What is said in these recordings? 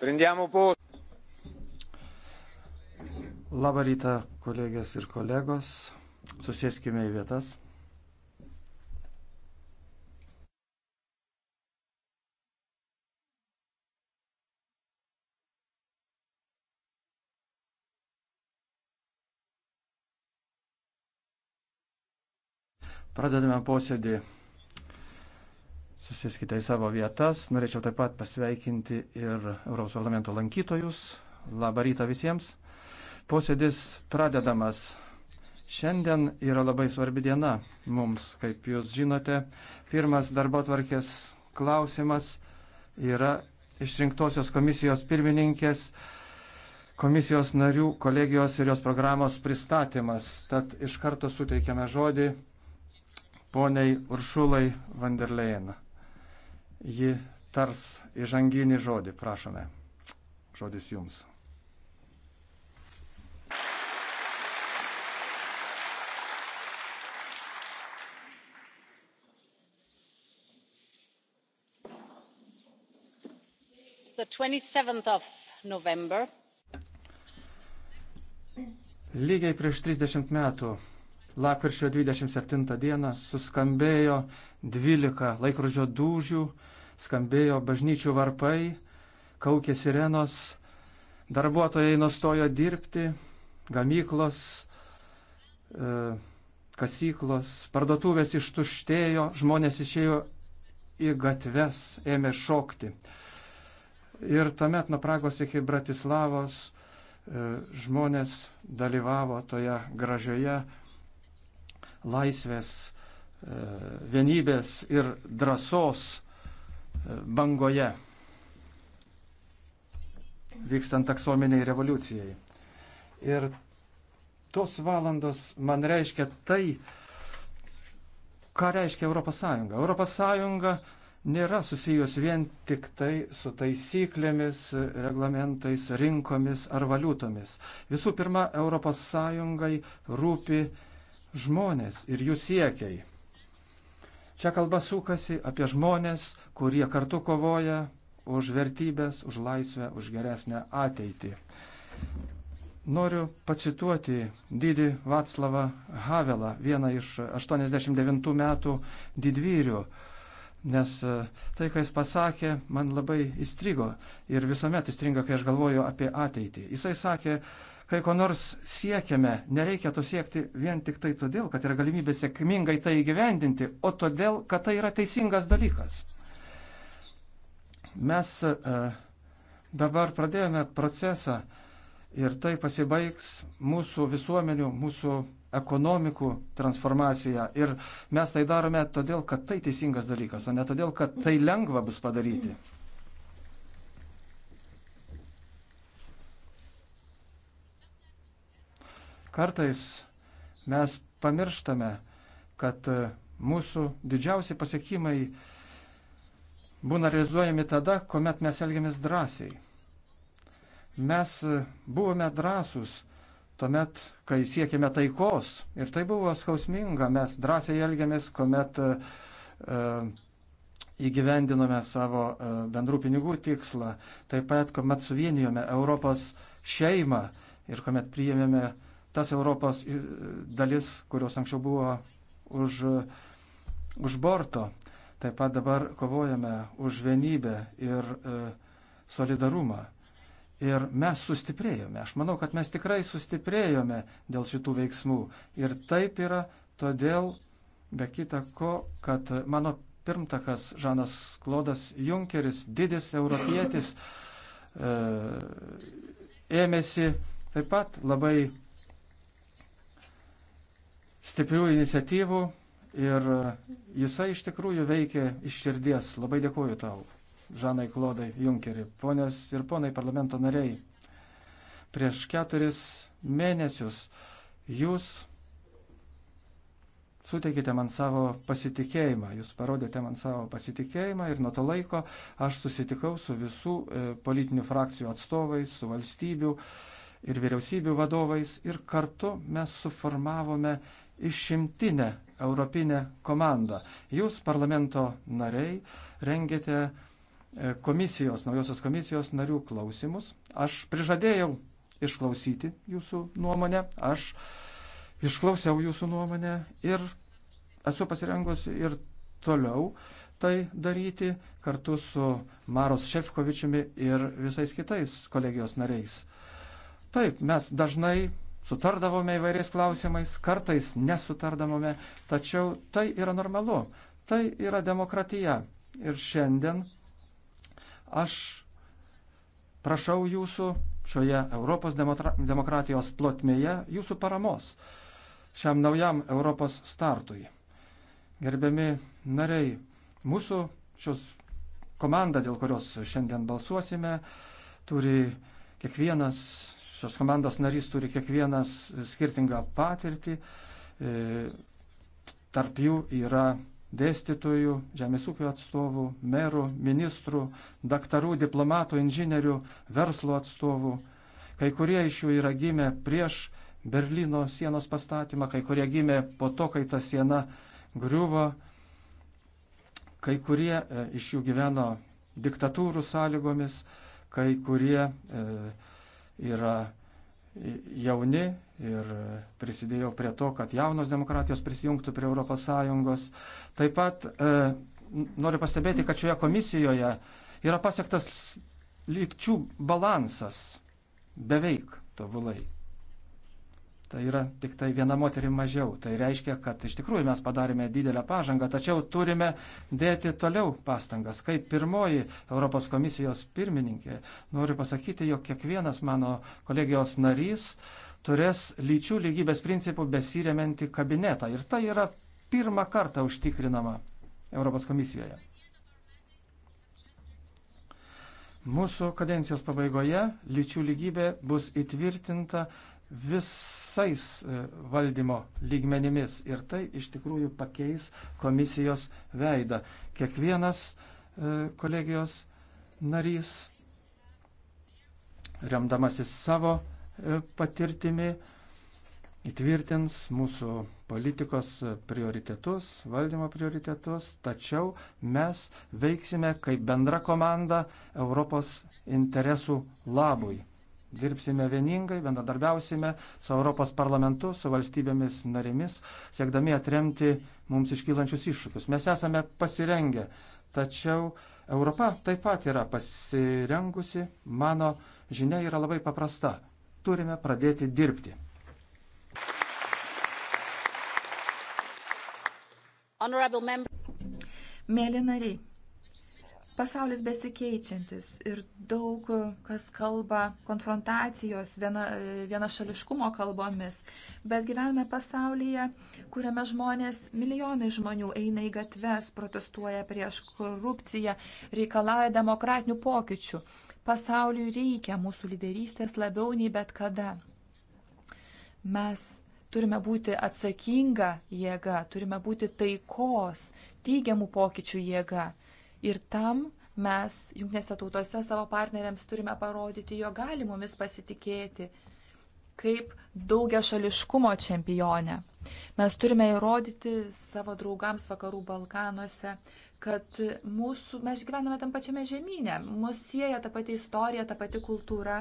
Prendiamo posto. Labą rytą, kolegės ir kolegos. Susėskime į vietas. Pradedame posėdį Susiskite į savo vietas. Norėčiau taip pat pasveikinti ir Europos parlamento lankytojus. Labą rytą visiems. Posėdis pradedamas. Šiandien yra labai svarbi diena mums, kaip jūs žinote. Pirmas darbo tvarkės klausimas yra išrinktosios komisijos pirmininkės, komisijos narių kolegijos ir jos programos pristatymas. Tad iš karto suteikiame žodį poniai Uršulai Vanderlejeną. Ji tars įžanginį žodį. Prašome. Žodis jums. Lygiai prieš 30 metų Lapkričio 27 dieną suskambėjo 12 laikrodžio dūžių, skambėjo bažnyčių varpai, kaukė sirenos, darbuotojai nustojo dirbti, gamyklos, e, kasyklos, parduotuvės ištuštėjo, žmonės išėjo į gatves, ėmė šokti. Ir tuomet nuo Pragos iki Bratislavos e, žmonės dalyvavo toje gražioje laisvės, e, vienybės ir drąsos e, bangoje vykstant taksominiai revoliucijai. Ir tos valandos man reiškia tai, ką reiškia Europos Sąjunga. Europos Sąjunga nėra susijęs vien tik tai su taisyklėmis, reglamentais, rinkomis ar valiutomis. Visų pirma, ES rūpi žmonės ir jų siekiai. Čia kalba sukasi apie žmonės, kurie kartu kovoja už vertybės, už laisvę, už geresnę ateitį. Noriu pacituoti didį Vaclavą Havelą, vieną iš 89 metų didvyrių, nes e, tai, ką jis pasakė, man labai įstrigo ir visuomet įstringa, kai aš galvoju apie ateitį. Jisai sakė, kai ko nors siekiame, nereikia to siekti vien tik tai todėl, kad yra galimybė sėkmingai tai įgyvendinti, o todėl, kad tai yra teisingas dalykas. Mes e, dabar pradėjome procesą ir tai pasibaigs mūsų visuomenių, mūsų ekonomikų transformacija. Ir mes tai darome todėl, kad tai teisingas dalykas, o ne todėl, kad tai lengva bus padaryti. Mm. Kartais mes pamirštame, kad mūsų didžiausi pasiekimai būna realizuojami tada, kuomet mes elgiamės drąsiai. Mes buvome drąsūs tuomet, kai siekėme taikos ir tai buvo skausminga, mes drąsiai elgiamės, kuomet e, įgyvendinome savo e, bendrų pinigų tikslą, taip pat, kuomet suvienijome Europos šeimą ir kuomet priėmėme tas Europos dalis, kurios anksčiau buvo už, už borto. Taip pat dabar kovojame už vienybę ir e, solidarumą. Ir mes sustiprėjome. Aš manau, kad mes tikrai sustiprėjome dėl šitų veiksmų. Ir taip yra todėl, be kita ko, kad mano pirmtakas Žanas Klodas Junkeris, didis europietis, e, ėmėsi taip pat labai stiprių iniciatyvų ir jisai iš tikrųjų veikia iš širdies. Labai dėkuoju tau, Žanai Klodai Junkeri. Ponios ir ponai parlamento nariai, prieš keturis mėnesius jūs suteikite man savo pasitikėjimą, jūs parodėte man savo pasitikėjimą ir nuo to laiko aš susitikau su visų e, politinių frakcijų atstovais, su valstybių ir vyriausybių vadovais ir kartu mes suformavome išimtinę europinę komandą. Jūs, parlamento nariai, rengėte e, komisijos, naujosios komisijos narių klausimus. Aš prižadėjau išklausyti jūsų nuomonę, aš išklausiau jūsų nuomonę ir esu pasirengusi ir toliau tai daryti kartu su Maros Šefkovičiumi ir visais kitais kolegijos nariais. Taip, mes dažnai sutardavome įvairiais klausimais, kartais nesutardavome, tačiau tai yra normalu, tai yra demokratija. Ir šiandien aš prašau jūsų šioje Europos demokratijos plotmėje jūsų paramos šiam naujam Europos startui. Gerbiami nariai, mūsų šios komanda, dėl kurios šiandien balsuosime, turi kiekvienas šios komandos narys turi kiekvienas skirtingą patirtį. E, tarp jų yra dėstytojų, žemės ūkio atstovų, merų, ministrų, daktarų, diplomatų, inžinierių, verslo atstovų. Kai kurie iš jų yra gimę prieš Berlyno sienos pastatymą, kai kurie gimė po to, kai ta siena griuvo, kai kurie e, iš jų gyveno diktatūrų sąlygomis, kai kurie e, yra jauni ir prisidėjo prie to, kad jaunos demokratijos prisijungtų prie ES. Taip pat e, noriu pastebėti, kad šioje komisijoje yra pasiektas lygčių balansas beveik tobulai. Tai yra tik tai viena moterį mažiau. Tai reiškia, kad iš tikrųjų mes padarėme didelę pažangą, tačiau turime dėti toliau pastangas. Kaip pirmoji Europos komisijos pirmininkė, noriu pasakyti, jog kiekvienas mano kolegijos narys turės lyčių lygybės principų besiremianti kabinetą. Ir tai yra pirmą kartą užtikrinama Europos komisijoje. Mūsų kadencijos pabaigoje lyčių lygybė bus įtvirtinta visais e, valdymo lygmenimis ir tai iš tikrųjų pakeis komisijos veidą. Kiekvienas e, kolegijos narys, remdamasis savo e, patirtimi, įtvirtins mūsų politikos prioritetus, valdymo prioritetus, tačiau mes veiksime kaip bendra komanda Europos interesų labui dirbsime vieningai, bendradarbiausime su Europos parlamentu, su valstybėmis narėmis, siekdami atremti mums iškylančius iššūkius. Mes esame pasirengę, tačiau Europa taip pat yra pasirengusi, mano žinia yra labai paprasta. Turime pradėti dirbti. Mėly nariai, Pasaulis besikeičiantis ir daug kas kalba konfrontacijos viena, vienašališkumo kalbomis, bet gyvename pasaulyje, kuriame žmonės, milijonai žmonių eina į gatves, protestuoja prieš korupciją, reikalauja demokratinių pokyčių. Pasauliui reikia mūsų lyderystės labiau nei bet kada. Mes turime būti atsakinga jėga, turime būti taikos, teigiamų pokyčių jėga. Ir tam mes jungtinėse tautose savo partneriams turime parodyti, jo gali mumis pasitikėti kaip daugia šališkumo čempionę. Mes turime įrodyti savo draugams vakarų Balkanuose, kad mūsų, mes gyvename tam pačiame žemynė, mūsų sieja ta pati istorija, ta pati kultūra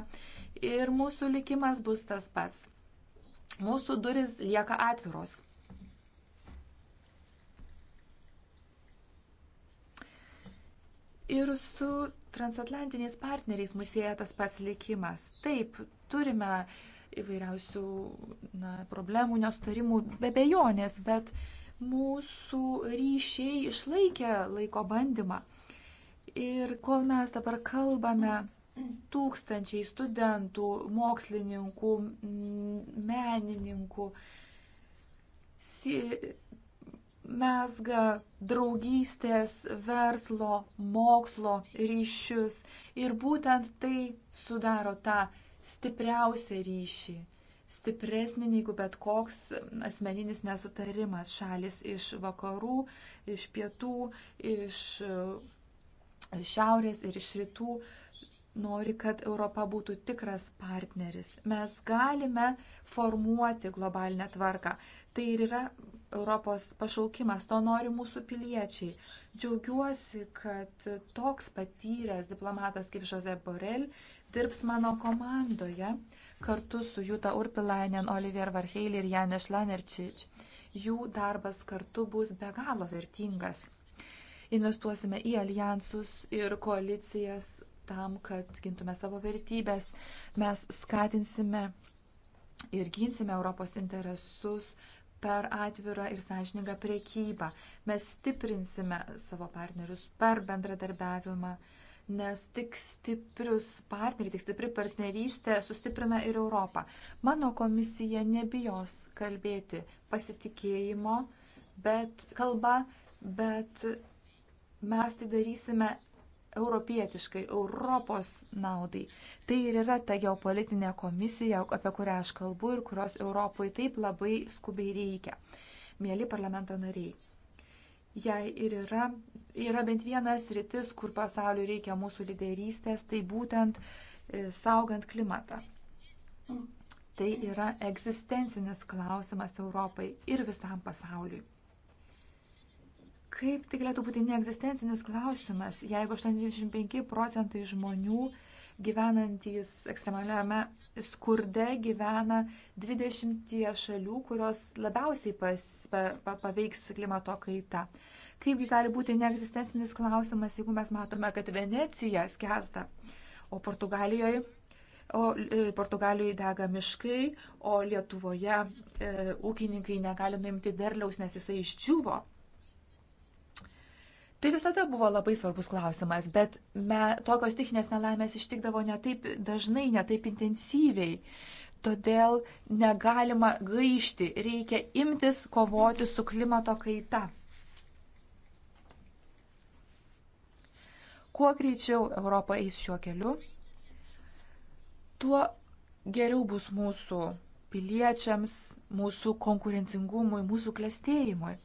ir mūsų likimas bus tas pats. Mūsų duris lieka atviros. ir su transatlantiniais partneriais musėja tas pats likimas. Taip, turime įvairiausių na, problemų, nesutarimų, be bejonės, bet mūsų ryšiai išlaikė laiko bandymą. Ir kol mes dabar kalbame, tūkstančiai studentų, mokslininkų, menininkų, mesga draugystės, verslo, mokslo ryšius ir būtent tai sudaro tą stipriausią ryšį, stipresnį negu bet koks asmeninis nesutarimas šalis iš vakarų, iš pietų, iš šiaurės ir iš rytų nori, kad Europa būtų tikras partneris. Mes galime formuoti globalinę tvarką. Tai ir yra Europos pašaukimas, to nori mūsų piliečiai. Džiaugiuosi, kad toks patyręs diplomatas kaip Jose Borel dirbs mano komandoje kartu su Juta Urpilainen, Olivier Varheilį ir Janeš Lanerčič. Jų darbas kartu bus be galo vertingas. Investuosime į alijansus ir koalicijas tam, kad gintume savo vertybės. Mes skatinsime ir ginsime Europos interesus per atvirą ir sąžiningą priekybą. Mes stiprinsime savo partnerius per bendradarbiavimą, nes tik stiprius partneriai, tik stipri partnerystė sustiprina ir Europą. Mano komisija nebijos kalbėti pasitikėjimo, bet kalba, bet mes tai darysime europietiškai, Europos naudai. Tai ir yra ta geopolitinė komisija, apie kurią aš kalbu ir kurios Europai taip labai skubiai reikia. Mėly parlamento nariai, jei ir yra, yra bent vienas rytis, kur pasauliu reikia mūsų lyderystės, tai būtent e, saugant klimatą. Tai yra egzistencinis klausimas Europai ir visam pasauliui. Kaip tai galėtų būti neegzistencinis klausimas, jeigu 85 procentai žmonių gyvenantys ekstremaliame skurde gyvena 20 šalių, kurios labiausiai pas, pa, pa, paveiks klimato kaitą. Kaipgi gali būti neegzistencinis klausimas, jeigu mes matome, kad Venecija skęsta, o Portugalijoje o e, Portugalijoje dega miškai, o Lietuvoje e, ūkininkai negali nuimti derliaus, nes jisai išdžiuvo. Tai visada buvo labai svarbus klausimas, bet me, tokios tikinės nelaimės ištikdavo netaip dažnai, netaip intensyviai. Todėl negalima gaišti, reikia imtis kovoti su klimato kaita. Kuo greičiau Europa eis šiuo keliu, tuo geriau bus mūsų piliečiams, mūsų konkurencingumui, mūsų klestėjimui.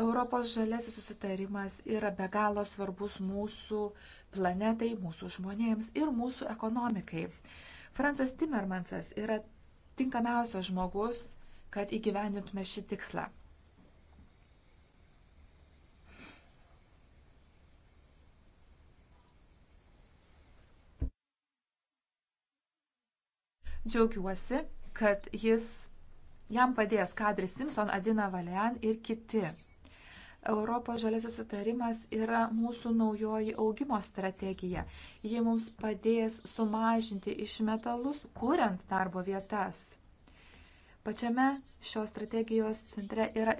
Europos žalėsis susitarimas yra be galo svarbus mūsų planetai, mūsų žmonėms ir mūsų ekonomikai. Fransas Timmermansas yra tinkamiausias žmogus, kad įgyvendintume šį tikslą. Džiaugiuosi, kad jis jam padės Kadri Simpson, Adina Valian ir kiti. Europos žalėsis sutarimas yra mūsų naujoji augimo strategija. Ji mums padės sumažinti išmetalus, kuriant darbo vietas. Pačiame šios strategijos centre yra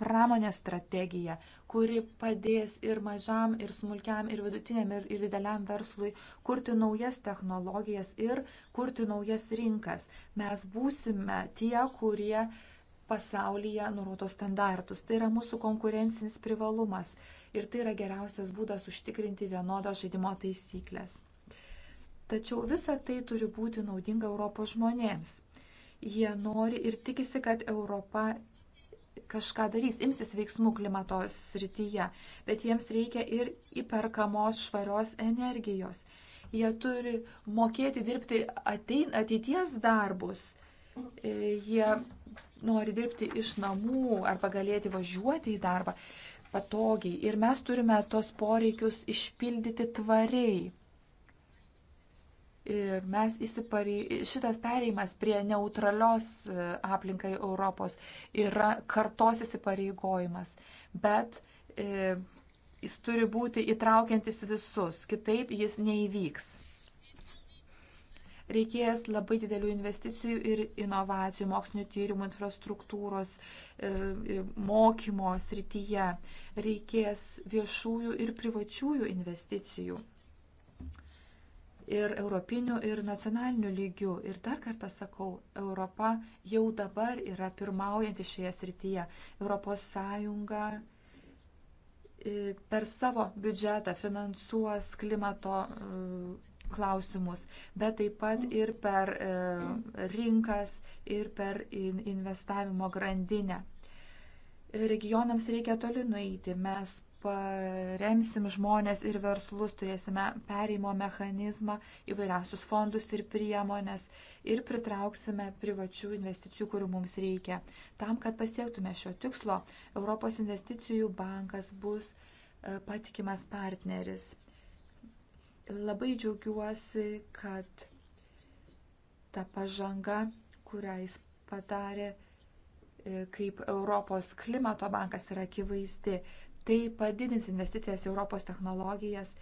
pramonės strategija, kuri padės ir mažam, ir smulkiam, ir vidutiniam, ir, ir dideliam verslui kurti naujas technologijas ir kurti naujas rinkas. Mes būsime tie, kurie uh, pasaulyje nurodo standartus. Tai yra mūsų konkurencinis privalumas ir tai yra geriausias būdas užtikrinti vienodas žaidimo taisyklės. Tačiau visa tai turi būti naudinga Europos žmonėms. Jie nori ir tikisi, kad Europa kažką darys, imsis veiksmų klimato srityje, bet jiems reikia ir įperkamos švarios energijos. Jie turi mokėti dirbti ateities darbus. E, jie nori dirbti iš namų arba galėti važiuoti į darbą patogiai. Ir mes turime tos poreikius išpildyti tvariai. Ir mes įsiparei, šitas pereimas prie neutralios e, aplinkai Europos yra kartos įsipareigojimas, bet e, jis turi būti įtraukiantis visus, kitaip jis neįvyks reikės labai didelių investicijų ir inovacijų mokslinio tyrimų infrastruktūros e, mokymo srityje. Reikės viešųjų ir privačiųjų investicijų. Ir europinių, ir nacionalinių lygių. Ir dar kartą sakau, Europa jau dabar yra pirmaujanti šioje srityje. Europos Sąjunga e, per savo biudžetą finansuos klimato e, klausimus, bet taip pat ir per e, rinkas, ir per investavimo grandinę. Regionams reikia toli nueiti. Mes paremsim žmonės ir verslus, turėsime pereimo mechanizmą, įvairiausius fondus ir priemonės ir pritrauksime privačių investicijų, kurių mums reikia. Tam, kad pasiektume šio tikslo, Europos investicijų bankas bus e, patikimas partneris. Labai džiaugiuosi, kad ta pažanga, kurią jis padarė, e, kaip Europos klimato bankas yra akivaizdi, tai padidins investicijas į Europos technologijas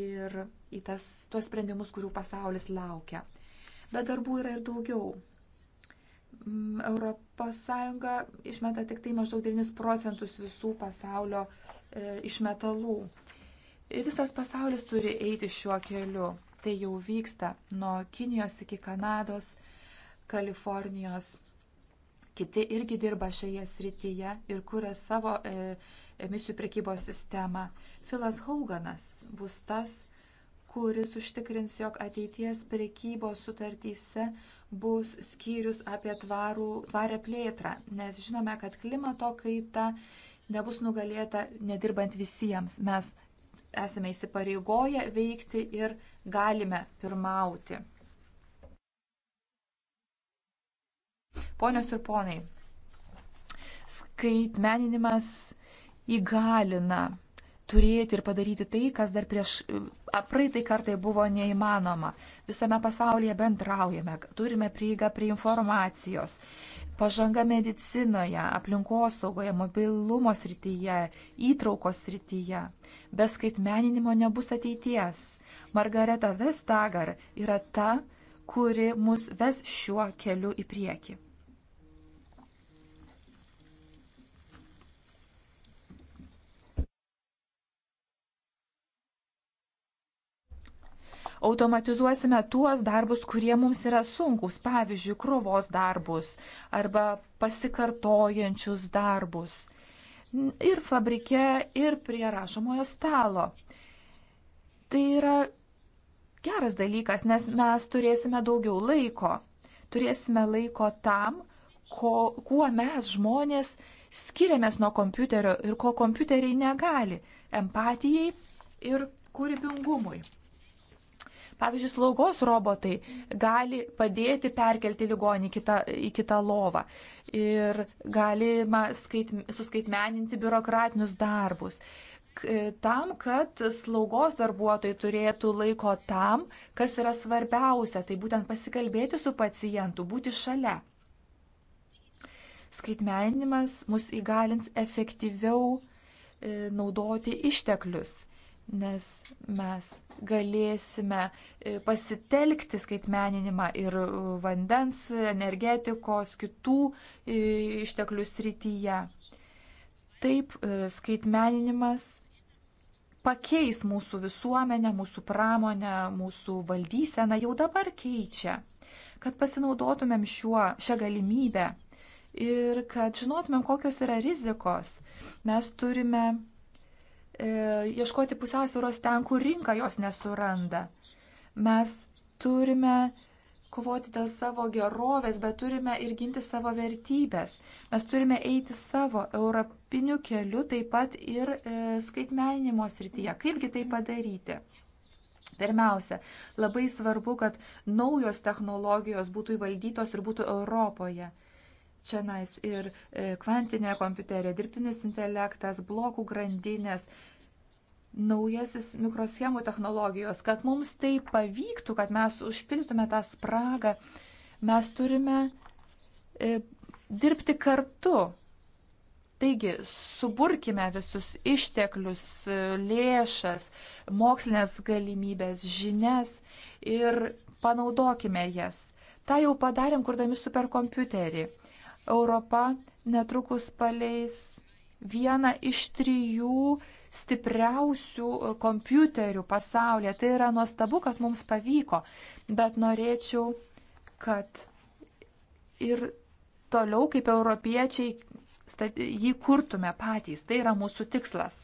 ir į tas, tuos sprendimus, kurių pasaulis laukia. Bet darbų yra ir daugiau. Mm, ES išmeta tik tai maždaug 9 procentus visų pasaulio e, išmetalų. Visas pasaulis turi eiti šiuo keliu. Tai jau vyksta nuo Kinijos iki Kanados, Kalifornijos. Kiti irgi dirba šioje srityje ir kuria savo e, emisijų prekybos sistemą. Filas Hauganas bus tas, kuris užtikrins, jog ateities prekybos sutartyse bus skyrius apie tvarų, tvarę plėtrą, nes žinome, kad klimato kaita nebus nugalėta nedirbant visiems. Mes esame įsipareigoję veikti ir galime pirmauti. Ponios ir ponai, skaitmeninimas įgalina turėti ir padaryti tai, kas dar prieš praeitai kartai buvo neįmanoma. Visame pasaulyje bendraujame, turime prieigą prie informacijos, Pažanga medicinoje, aplinkosaugoje, mobilumo srityje, įtraukos srityje. Be skaitmeninimo nebus ateities. Margareta Vestager yra ta, kuri mus ves šiuo keliu į priekį. automatizuosime tuos darbus, kurie mums yra sunkus, pavyzdžiui, krovos darbus arba pasikartojančius darbus. Ir fabrike, ir prie rašomojo stalo. Tai yra geras dalykas, nes mes turėsime daugiau laiko. Turėsime laiko tam, ko, kuo mes žmonės skiriamės nuo kompiuterio ir ko kompiuteriai negali - empatijai ir kūrybingumui. Pavyzdžiui, slaugos robotai gali padėti perkelti ligonį kitą, į kitą lovą ir galima skait, suskaitmeninti biurokratinius darbus tam, kad slaugos darbuotojai turėtų laiko tam, kas yra svarbiausia, tai būtent pasikalbėti su pacientu, būti šalia. Skaitmeninimas mus įgalins efektyviau e, naudoti išteklius nes mes galėsime e, pasitelkti skaitmeninimą ir e, vandens, energetikos, kitų e, išteklių srityje. Taip skaitmeninimas pakeis mūsų visuomenę, mūsų pramonę, mūsų valdyseną, jau dabar keičia, kad pasinaudotumėm šiuo, šią galimybę ir kad žinotumėm, kokios yra rizikos. Mes turime E, ieškoti pusiausvėros ten, kur rinka jos nesuranda. Mes turime kovoti dėl savo gerovės, bet turime ir ginti savo vertybės. Mes turime eiti savo europiniu keliu, taip pat ir e, skaitmeninimo srityje. Kaipgi tai padaryti? Pirmiausia, labai svarbu, kad naujos technologijos būtų įvaldytos ir būtų Europoje. Čia nais ir e, kvantinė kompiuterė, dirbtinis intelektas, blokų grandinės, naujasis mikroschemų technologijos. Kad mums tai pavyktų, kad mes užpildytume tą spragą, mes turime e, dirbti kartu. Taigi, suburkime visus išteklius, e, lėšas, mokslinės galimybės, žinias ir panaudokime jas. Ta jau padarėm, kurdami superkompiuterį. Europa netrukus paleis vieną iš trijų stipriausių e, kompiuterių pasaulyje. Tai yra nuostabu, kad mums pavyko, bet norėčiau, kad ir toliau kaip europiečiai jį kurtume patys. Tai yra mūsų tikslas.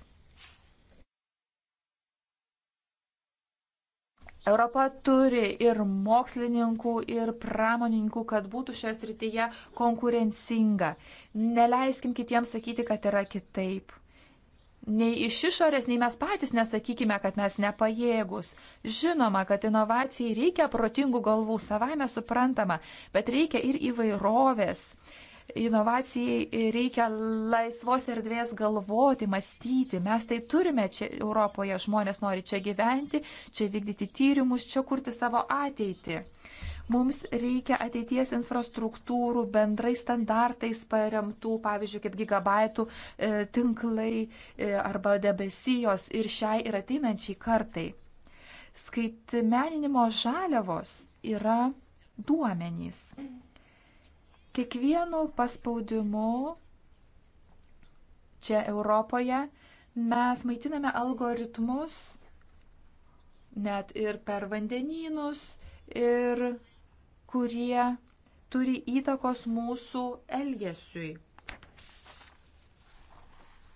Europa turi ir mokslininkų, ir pramonininkų, kad būtų šioje srityje konkurencinga. Neleiskim kitiems sakyti, kad yra kitaip. Nei iš išorės, nei mes patys nesakykime, kad mes nepajėgus. Žinoma, kad inovacijai reikia protingų galvų, savai mes suprantama, bet reikia ir įvairovės. Inovacijai reikia laisvos erdvės galvoti, mąstyti. Mes tai turime čia Europoje. Žmonės nori čia gyventi, čia vykdyti tyrimus, čia kurti savo ateitį. Mums reikia ateities infrastruktūrų, bendrai standartais paremtų, pavyzdžiui, kaip gigabaitų e, tinklai e, arba debesijos ir šiai ir ateinančiai kartai. Skaitmeninimo žaliavos yra duomenys. Mm. Kiekvienu paspaudimu čia Europoje mes maitiname algoritmus net ir per vandenynus ir kurie turi įtakos mūsų elgesiui.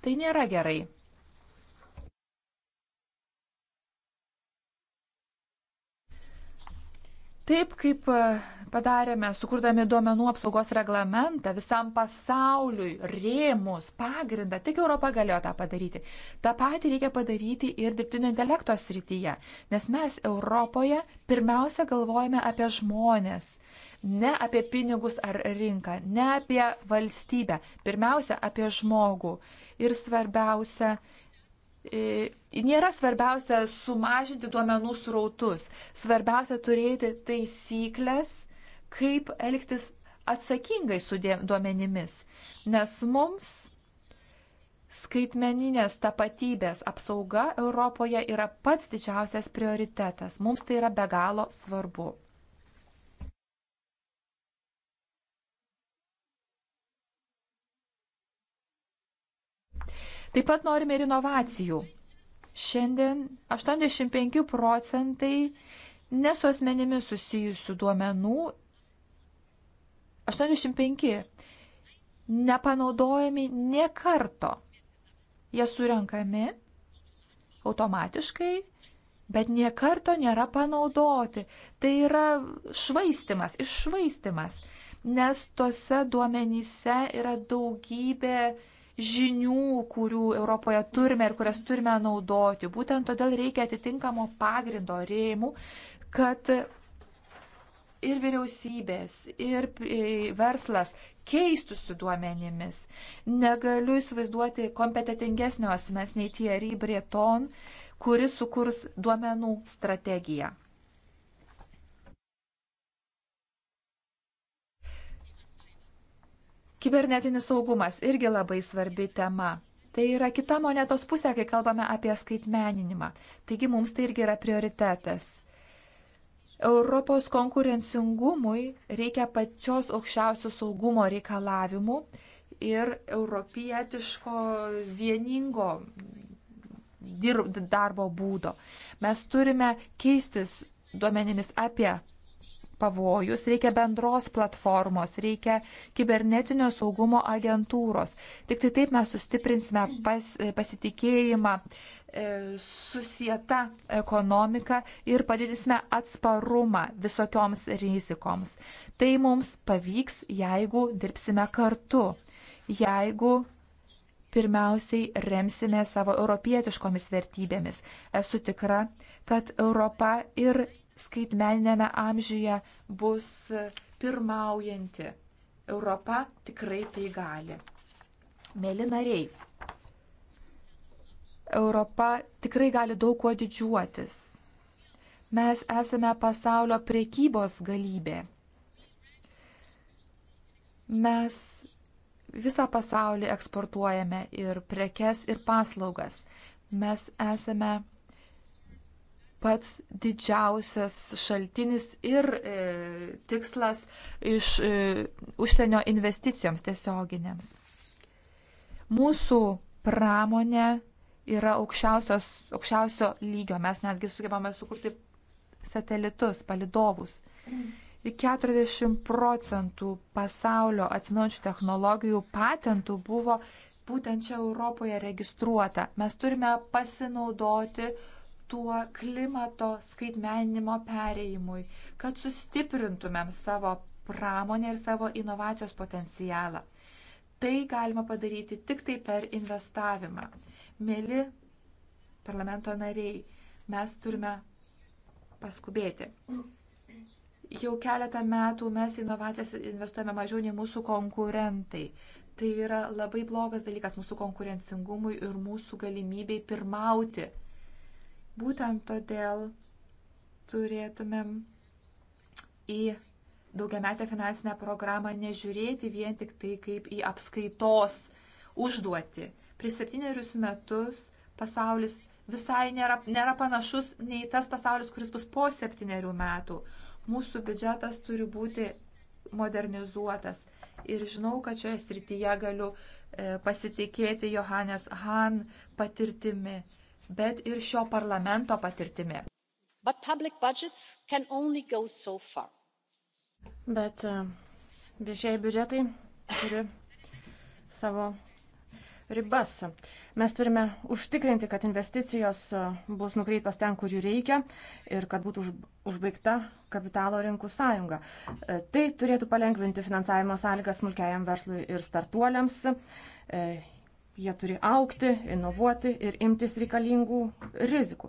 Tai nėra gerai. Taip kaip e, padarėme, sukurdami duomenų apsaugos reglamentą visam pasauliui, rėmus, pagrindą, tik Europa galėjo tą padaryti. Ta pati reikia padaryti ir dirbtinio intelekto srityje, nes mes Europoje pirmiausia galvojame apie žmonės, ne apie pinigus ar rinką, ne apie valstybę, pirmiausia apie žmogų ir svarbiausia E, nėra svarbiausia sumažinti duomenų srautus. Svarbiausia turėti taisyklės, kaip elgtis atsakingai su duomenimis. Nes mums skaitmeninės tapatybės apsauga Europoje yra pats didžiausias prioritetas. Mums tai yra be galo svarbu. Taip pat norime ir inovacijų. Šiandien 85 procentai nesu asmenimis susijusių duomenų 85 nepanaudojami ne karto. Jie surenkami automatiškai, bet nie karto nėra panaudoti. Tai yra švaistimas, iššvaistimas, nes tose duomenyse yra daugybė uh, žinių, kurių Europoje turime ir kurias turime naudoti. Būtent todėl reikia atitinkamo pagrindo rėmų, kad ir vyriausybės, ir verslas keistųsi duomenimis. Negaliu įsivaizduoti kompetitingesnio asmens nei Thierry Breton, kuris sukurs duomenų strategiją. Kibernetinis saugumas irgi labai svarbi tema. Tai yra kita monetos pusė, kai kalbame apie skaitmeninimą. Taigi mums tai irgi yra prioritetas. Europos konkurencingumui reikia pačios aukščiausių saugumo reikalavimų ir europietiško vieningo darbo būdo. Mes turime keistis duomenimis apie pavojus, reikia bendros platformos, reikia kibernetinio saugumo agentūros. Tik tai taip mes sustiprinsime pas, pasitikėjimą e, susieta ekonomika ir padidinsime atsparumą visokioms rizikoms. Tai mums pavyks, jeigu dirbsime kartu, jeigu pirmiausiai remsime savo europietiškomis vertybėmis. Esu tikra, kad Europa ir skaitmeninėme amžiuje bus pirmaujanti. Europa tikrai tai gali. Mėly nariai, Europa tikrai gali daug kuo didžiuotis. Mes esame pasaulio priekybos galybė. Mes visą pasaulį eksportuojame ir prekes, ir paslaugas. Mes esame pats didžiausias šaltinis ir e, tikslas iš e, užsienio investicijoms tiesioginėms. Mūsų pramonė yra aukščiausio lygio. Mes netgi sugebame sukurti satelitus, palidovus. Ir 40 procentų pasaulio atsinaujančių technologijų patentų buvo būtent čia Europoje registruota. Mes turime pasinaudoti uh, tuo klimato skaitmeninimo pereimui, kad sustiprintumėm savo pramonę ir savo inovacijos potencialą. Tai galima padaryti tik tai per investavimą. Mėly parlamento nariai, mes turime paskubėti. Jau keletą metų mes inovacijas investuojame mažiau nei mūsų konkurentai. Tai yra labai blogas dalykas mūsų konkurencingumui ir mūsų galimybei pirmauti Būtent todėl turėtumėm į daugiametę finansinę programą nežiūrėti vien tik tai kaip į apskaitos užduoti. Prieš septynerius metus pasaulis visai nėra, nėra panašus nei tas pasaulis, kuris bus po septyniarių metų. Mūsų biudžetas turi būti modernizuotas. Ir žinau, kad šioje srityje galiu e, pasitikėti Johannes Han patirtimi bet ir šio parlamento patirtimi. So bet e, viešieji biudžetai turi savo ribas. Mes turime užtikrinti, kad investicijos e, bus nukreiptos ten, kur jų reikia ir kad būtų užbaigta kapitalo rinkų sąjunga. E, tai turėtų palengvinti finansavimo sąlygas smulkiajam verslui ir startuoliams. Jie turi aukti, inovuoti ir imtis reikalingų rizikų.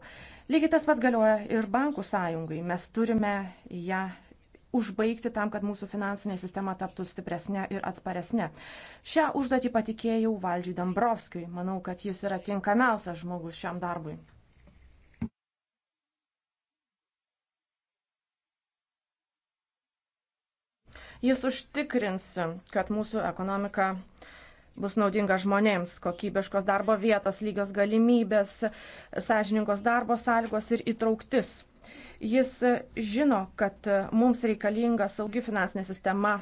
Lygiai tas pats galioja ir bankų sąjungai. Mes turime ją užbaigti tam, kad mūsų finansinė sistema taptų stipresnė ir atsparesnė. Šią užduotį patikėjau Valdžiui Dambrovskijui. Manau, kad jis yra tinkamiausias žmogus šiam darbui. Jis užtikrins, kad mūsų ekonomika uh, bus naudinga žmonėms - kokybiškos darbo vietos, lygios galimybės, sąžiningos darbo sąlygos ir įtrauktis. Jis žino, kad mums reikalinga saugi finansinė sistema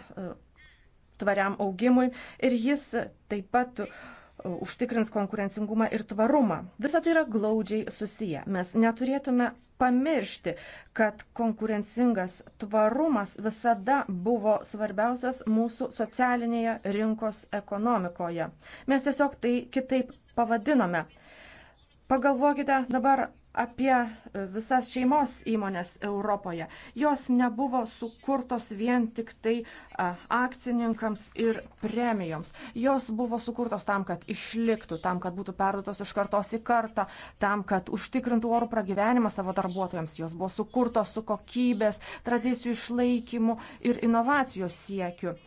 tvariam augimui ir jis taip pat E, užtikrins konkurencingumą ir tvarumą. Visa tai yra glaudžiai susiję. Mes neturėtume pamiršti, kad konkurencingas tvarumas visada buvo svarbiausias mūsų socialinėje rinkos ekonomikoje. Mes tiesiog tai kitaip pavadinome. Pagalvokite dabar apie e, visas šeimos įmonės Europoje. Jos nebuvo sukurtos vien tik tai e, akcininkams ir premijoms. Jos buvo sukurtos tam, kad išliktų, tam, kad būtų perduotos iš kartos į kartą, tam, kad užtikrintų orų pragyvenimą savo darbuotojams. Jos buvo sukurtos su kokybės, tradicijų išlaikymu ir inovacijos siekiu.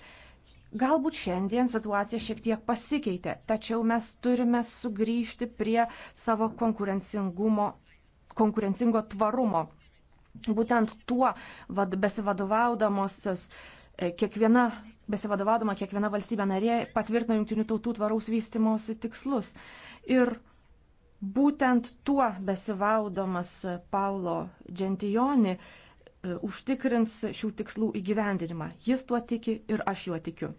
Galbūt šiandien situacija šiek tiek pasikeitė, tačiau mes turime sugrįžti prie savo konkurencingumo konkurencingo tvarumo. Būtent tuo vad, besivadovaudamosios e, kiekviena besivadovaudama kiekviena valstybė narė patvirtino jungtinių tautų tvaraus vystimosi tikslus. Ir būtent tuo besivaudamas Paulo Gentijoni e, užtikrins šių tikslų įgyvendinimą. Jis tuo tiki ir aš juo tikiu.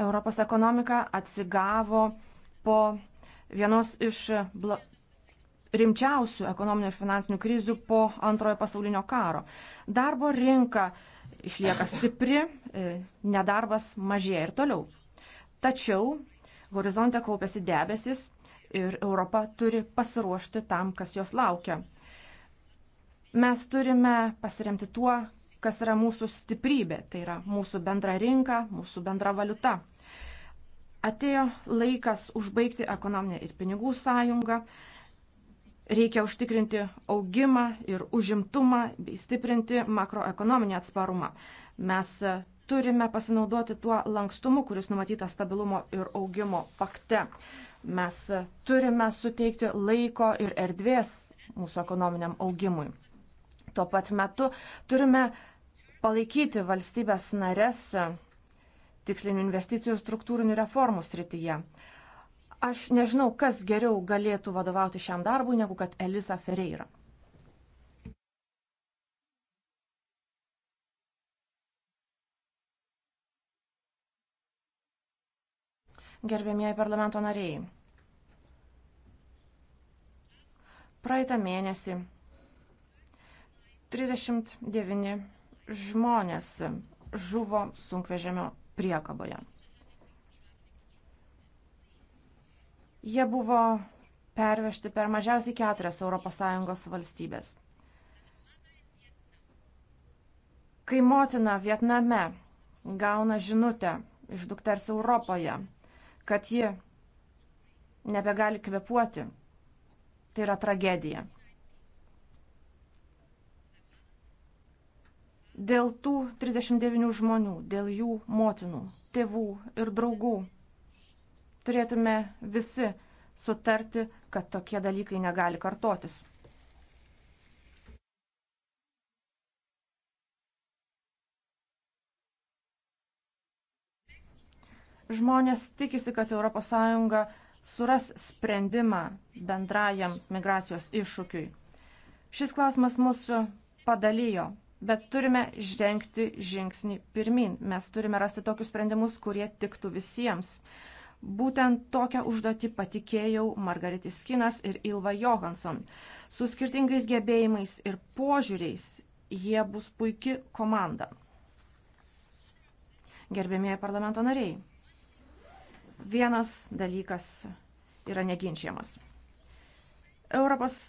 Europos ekonomika atsigavo po vienos iš bla... rimčiausių ekonominių ir finansinių krizių po antrojo pasaulinio karo. Darbo rinka išlieka stipri, e, nedarbas mažėja ir toliau. Tačiau horizonte kaupėsi debesis ir Europa turi pasiruošti tam, kas jos laukia. Mes turime pasiremti tuo, kas yra mūsų stiprybė, tai yra mūsų bendra rinka, mūsų bendra valiuta. Atėjo laikas užbaigti ekonominę ir pinigų sąjungą. Reikia užtikrinti augimą ir užimtumą bei stiprinti makroekonominį atsparumą. Mes e, turime pasinaudoti tuo lankstumu, kuris numatytas stabilumo ir augimo pakte. Mes e, turime suteikti laiko ir erdvės mūsų ekonominiam augimui. Tuo pat metu turime palaikyti valstybės narės e, tikslinių investicijų struktūrinių reformų srityje. Aš nežinau, kas geriau galėtų vadovauti šiam darbui, negu kad Elisa Ferreira. Gerbėmieji parlamento nariai. Praeitą mėnesį 39 žmonės žuvo sunkvežimio priekaboje. Jie buvo pervežti per mažiausiai keturias ES valstybės. Kai motina Vietname gauna žinutę iš dukters Europoje, kad ji nebegali kvepuoti, tai yra tragedija. dėl tų 39 žmonių, dėl jų motinų, tėvų ir draugų turėtume visi sutarti, kad tokie dalykai negali kartotis. Žmonės tikisi, kad ES suras sprendimą bendrajam migracijos iššūkiui. Šis klausimas mūsų padalyjo. Bet turime žengti žingsnį pirmin. Mes turime rasti tokius sprendimus, kurie tiktų visiems. Būtent tokią užduotį patikėjau Margaritis Kinas ir Ilva Johansson. Su skirtingais gebėjimais ir požiūriais jie bus puikia komanda. Gerbėmėjai parlamento nariai, vienas dalykas yra neginčiamas. Europos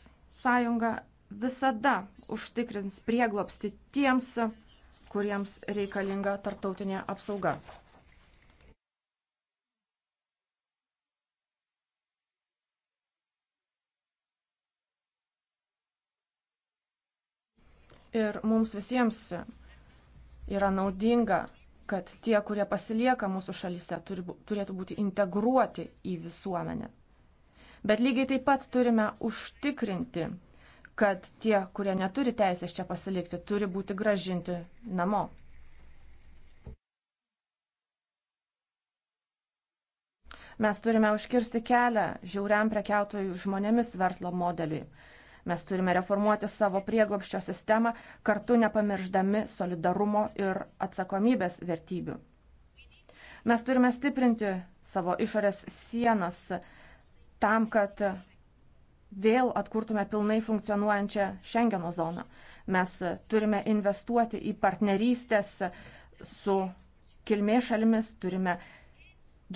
Sąjunga visada užtikrins prieglopsti tiems, kuriems reikalinga tarptautinė apsauga. Ir mums visiems yra naudinga, kad tie, kurie pasilieka mūsų šalyse, turi, turėtų būti integruoti į visuomenę. Bet lygiai taip pat turime užtikrinti kad tie, kurie neturi teisės čia pasilikti, turi būti gražinti namo. Mes turime užkirsti kelią žiauriam prekiautojų žmonėmis verslo modeliui. Mes turime reformuoti savo prieglopščio sistemą, kartu nepamirždami solidarumo ir atsakomybės vertybių. Mes turime stiprinti savo išorės sienas tam, kad vėl atkurtume pilnai funkcionuojančią Schengeno zoną. Mes e, turime investuoti į partnerystės e, su kilmės šalimis, turime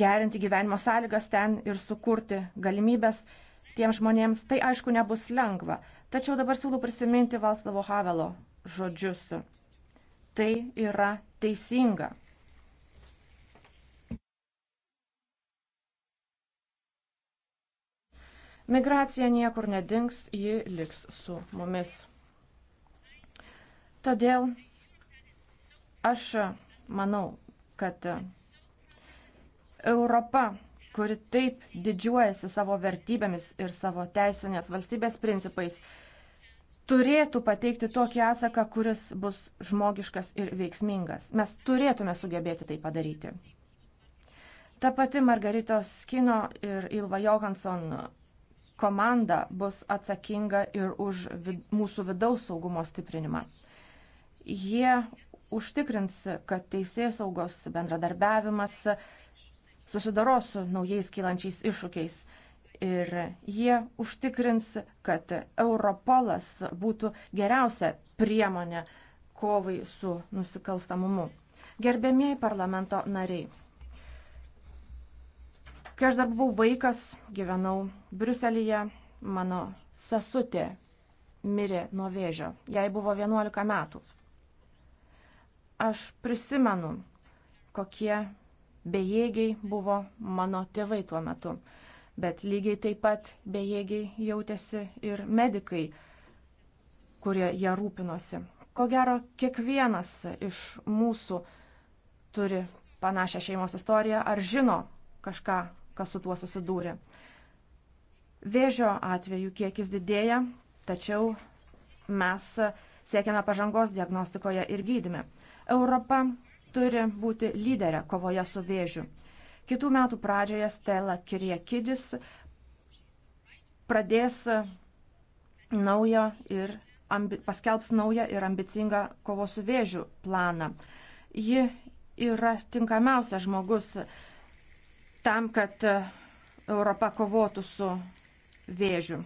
gerinti gyvenimo sąlygas ten ir sukurti galimybės tiems žmonėms. Tai aišku nebus lengva. Tačiau dabar siūlau prisiminti Valslavo Havelo žodžius. Tai yra teisinga. Migracija niekur nedings, ji liks su mumis. Todėl aš manau, kad Europa, kuri taip didžiuojasi savo vertybėmis ir savo teisinės valstybės principais, turėtų pateikti tokį atsaką, kuris bus žmogiškas ir veiksmingas. Mes turėtume sugebėti tai padaryti. Ta pati Margaritos Kino ir Ilva Johansson komanda bus atsakinga ir už vid mūsų vidaus saugumo stiprinimą. Jie užtikrins, kad teisės saugos bendradarbiavimas susidaros su naujais kylančiais iššūkiais ir jie užtikrins, kad Europolas būtų geriausia priemonė kovai su nusikalstamumu. Gerbėmiai parlamento nariai. Kai aš dar buvau vaikas, gyvenau Briuselėje, mano sesutė mirė nuo vėžio. Jai buvo 11 metų. Aš prisimenu, kokie bejėgiai buvo mano tėvai tuo metu. Bet lygiai taip pat bejėgiai jautėsi ir medikai, kurie ją rūpinosi. Ko gero, kiekvienas iš mūsų turi panašią šeimos istoriją ar žino kažką kas su tuo susidūrė. Vėžio atveju kiekis didėja, tačiau mes siekiame pažangos diagnostikoje ir gydyme. Europa turi būti lyderė kovoje su vėžiu. Kitų metų pradžioje Stella Kiriekidis pradės naują ir ambi, paskelbs naują ir ambicingą kovos su vėžiu planą. Ji yra tinkamiausias žmogus tam, kad e, Europa kovotų su vėžiu.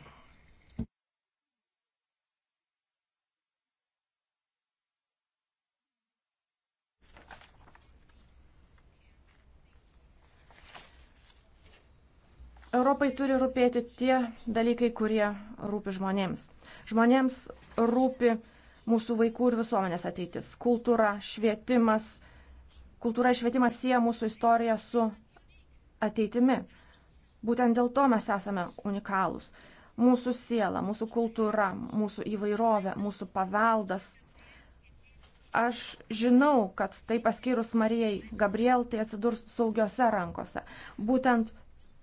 Europai turi rūpėti tie dalykai, kurie rūpi žmonėms. Žmonėms rūpi mūsų vaikų ir visuomenės ateitis. Kultūra, švietimas. Kultūra ir švietimas sieja mūsų istoriją su ateitimi. Būtent dėl to mes esame unikalūs. Mūsų siela, mūsų kultūra, mūsų įvairovė, mūsų paveldas. Aš žinau, kad tai paskyrus Marijai Gabriel, tai atsidurs saugiose rankose. Būtent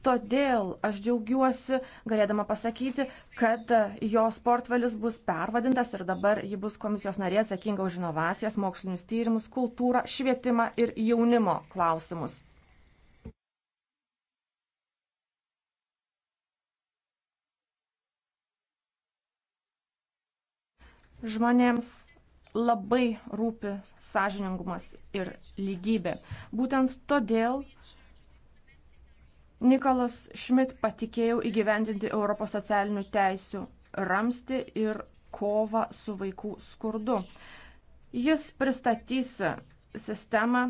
todėl aš džiaugiuosi, galėdama pasakyti, kad jos portfelis bus pervadintas ir dabar ji bus komisijos narė atsakinga už inovacijas, mokslinius tyrimus, kultūrą, švietimą ir jaunimo klausimus. Žmonėms labai rūpi sąžiningumas ir lygybė. Būtent todėl Nikolas Šmit patikėjau įgyvendinti Europos socialinių teisių ramsti ir kovą su vaikų skurdu. Jis pristatys sistemą,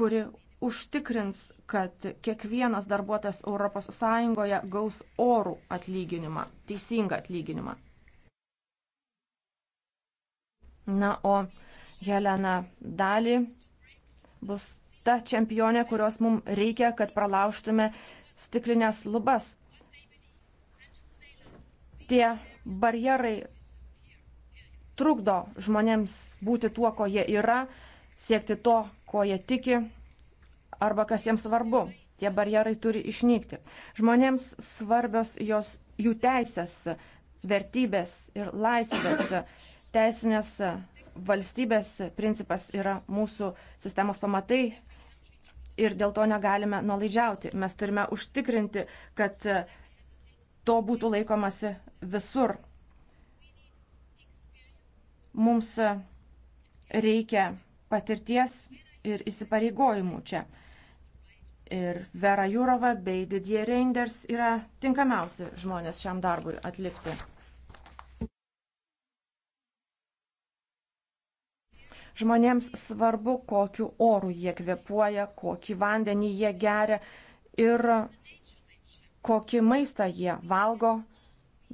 kuri užtikrins, kad kiekvienas darbuotojas ES gaus orų atlyginimą, teisingą atlyginimą. Na, o Helena Dali bus ta čempionė, kurios mums reikia, kad pralauštume stiklinės lubas. Tie barjerai trukdo žmonėms būti tuo, ko jie yra, siekti to, ko jie tiki arba kas jiems svarbu. Tie barjerai turi išnykti. Žmonėms svarbios jos, jų teisės, vertybės ir laisvės. Teisinės valstybės principas yra mūsų sistemos pamatai ir dėl to negalime nuolaidžiauti. Mes turime užtikrinti, kad to būtų laikomasi visur. Mums reikia patirties ir įsipareigojimų čia. Ir Vera Jurova bei Didier Reinders yra tinkamiausi žmonės šiam darbui atlikti. Žmonėms svarbu, kokiu oru jie kvepuoja, kokį vandenį jie geria ir kokį maistą jie valgo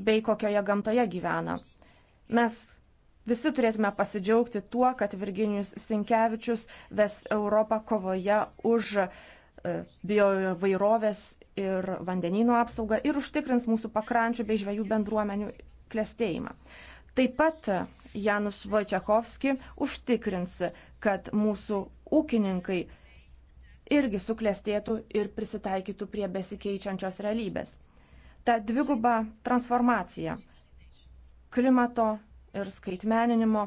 bei kokioje gamtoje gyvena. Mes visi turėtume pasidžiaugti tuo, kad Virginijus Sinkevičius ves Europą kovoje už e, biovairovės ir vandenynų apsaugą ir užtikrins mūsų pakrančių bei žvejų bendruomenių klėstėjimą. Taip pat Janus Vojčiakovski užtikrins, kad mūsų ūkininkai irgi suklestėtų ir prisitaikytų prie besikeičiančios realybės. Ta dviguba transformacija klimato ir skaitmeninimo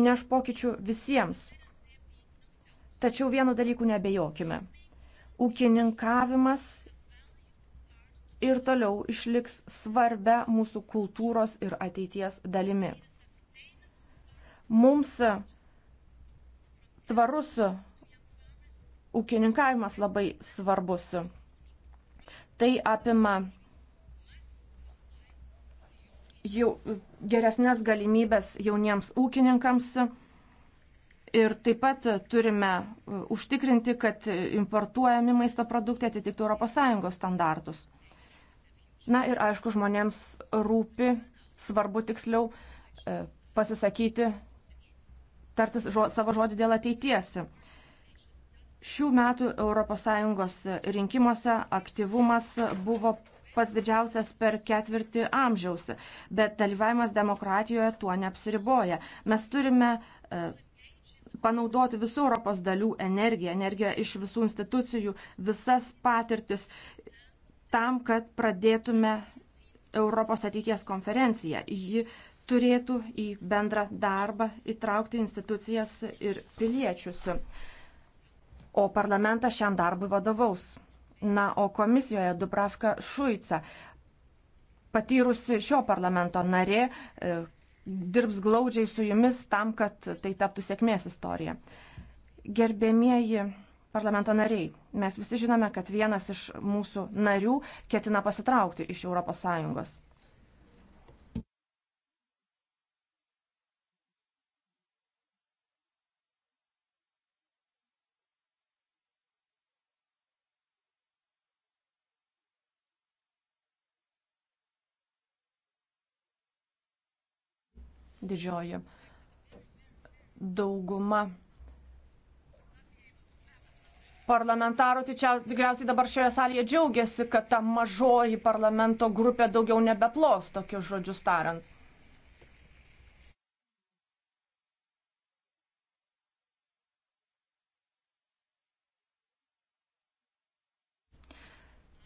įneš pokyčių visiems. Tačiau vienu dalyku nebejokime. Ūkininkavimas ir toliau išliks svarbia mūsų kultūros ir ateities dalimi. Mums tvarus ūkininkavimas labai svarbus. Tai apima jau geresnės galimybės jauniems ūkininkams ir taip pat turime užtikrinti, kad importuojami maisto produktai atitiktų ES standartus. Na ir aišku, žmonėms rūpi, svarbu tiksliau e, pasisakyti, tartis žo, savo žodį dėl ateities. Šių metų ES rinkimuose aktyvumas buvo pats didžiausias per ketvirtį amžiaus, bet dalyvavimas demokratijoje tuo neapsiriboja. Mes turime e, panaudoti visų Europos dalių energiją, energiją iš visų institucijų, visas patirtis tam, kad pradėtume Europos ateities konferenciją. Ji turėtų į bendrą darbą įtraukti institucijas ir piliečius, o parlamentas šiam darbui vadovaus. Na, o komisijoje Dubravka Šuica, patyrusi šio parlamento narė, e, dirbs glaudžiai su jumis tam, kad tai taptų sėkmės istorija. Gerbėmieji parlamento nariai. Mes visi žinome, kad vienas iš mūsų narių ketina pasitraukti iš ES. Didžioji dauguma parlamentarų tai tikriausiai dabar šioje salėje džiaugiasi, kad ta mažoji parlamento grupė daugiau nebeplos, tokius žodžius tariant.